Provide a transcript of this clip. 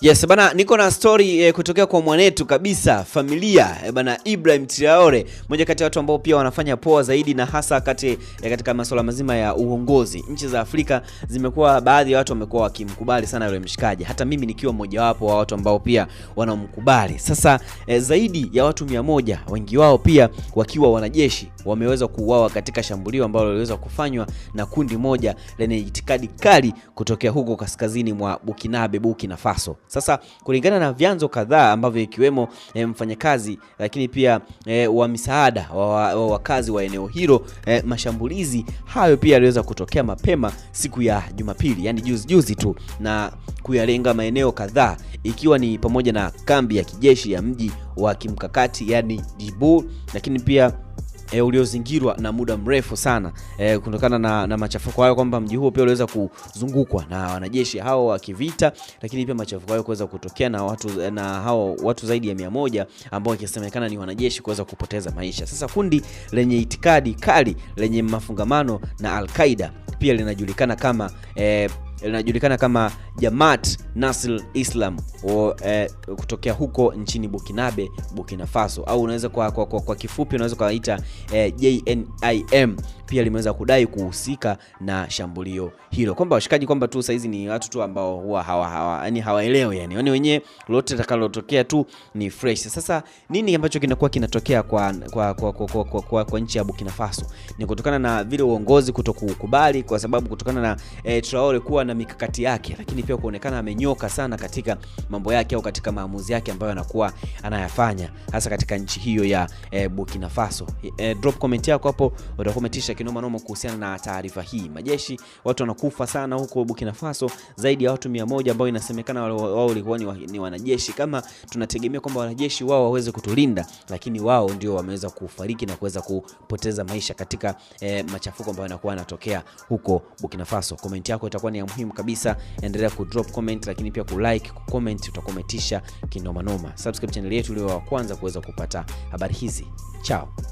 Yes, bana niko na story eh, kutokea kwa mwanetu kabisa familia eh, bana Ibrahim Traore, mmoja kati ya watu ambao pia wanafanya poa zaidi na hasa kati eh, katika masuala mazima ya uongozi. Nchi za Afrika zimekuwa baadhi ya watu wamekuwa wakimkubali sana yule mshikaji, hata mimi nikiwa mmojawapo wa watu ambao pia wanamkubali. Sasa eh, zaidi ya watu mia moja, wengi wao pia wakiwa wanajeshi, wameweza kuuawa katika shambulio ambalo liliweza kufanywa na kundi moja lenye itikadi kali kutokea huko kaskazini mwa bukinabe Bukina Faso. Sasa kulingana na vyanzo kadhaa ambavyo ikiwemo e, mfanyakazi lakini pia e, wa misaada wa, wa, wa wakazi wa eneo hilo e, mashambulizi hayo pia yaliweza kutokea mapema siku ya Jumapili, yani juzi juzi tu, na kuyalenga maeneo kadhaa ikiwa ni pamoja na kambi ya kijeshi ya mji wa kimkakati yani Jibu, lakini pia e, uliozingirwa na muda mrefu sana e, kutokana na, na machafuko hayo kwamba mji huo pia uliweza kuzungukwa na wanajeshi hao wa kivita, lakini pia machafuko hayo kuweza kutokea na watu, eh, na hao watu zaidi ya mia moja ambao ikisemekana ni wanajeshi kuweza kupoteza maisha. Sasa kundi lenye itikadi kali lenye mafungamano na Al-Qaeda pia linajulikana kama e, linajulikana kama Jamaat nasl Islam o, eh, kutokea huko nchini bukinabe Burkina Faso au unaweza kwa, kwa, kwa, kwa kifupi unaweza ukaita eh, JNIM pia limeweza kudai kuhusika na shambulio hilo, kwamba washikaji kwamba tu sahizi ni watu tu ambao huwa hawa, hawa, yani hawaelewi yani, yani wenyewe lolote litakalotokea tu ni fresh. Sasa nini ambacho kinakuwa kinatokea kwa, kwa, kwa, kwa, kwa, kwa, kwa, kwa nchi ya Burkina Faso ni kutokana na vile uongozi kutokukubali, kwa sababu kutokana na eh, Traore kuwa na mikakati yake, lakini pia kuonekana amenyoka sana katika mambo yake au katika maamuzi yake ambayo anakuwa anayafanya hasa katika nchi hiyo ya e, Burkina Faso. E, drop comment yako hapo utakometisha kinoma noma kuhusiana na taarifa hii. Majeshi, watu wanakufa sana huko Burkina Faso, zaidi ya watu 100 ambao inasemekana wao walikuwa ni, wa, ni wanajeshi. Kama tunategemea kwamba wanajeshi wao waweze kutulinda, lakini wao ndio wameweza kufariki na kuweza kupoteza maisha katika e, machafuko ambayo yanakuwa yanatokea huko Burkina Faso. Comment yako itakuwa ni ya muhimu muhimu kabisa. Endelea kudrop comment, lakini pia kulike, kucomment, utakometisha kinoma noma. Subscribe channel yetu ili wa kwanza kuweza kupata habari hizi. Chao.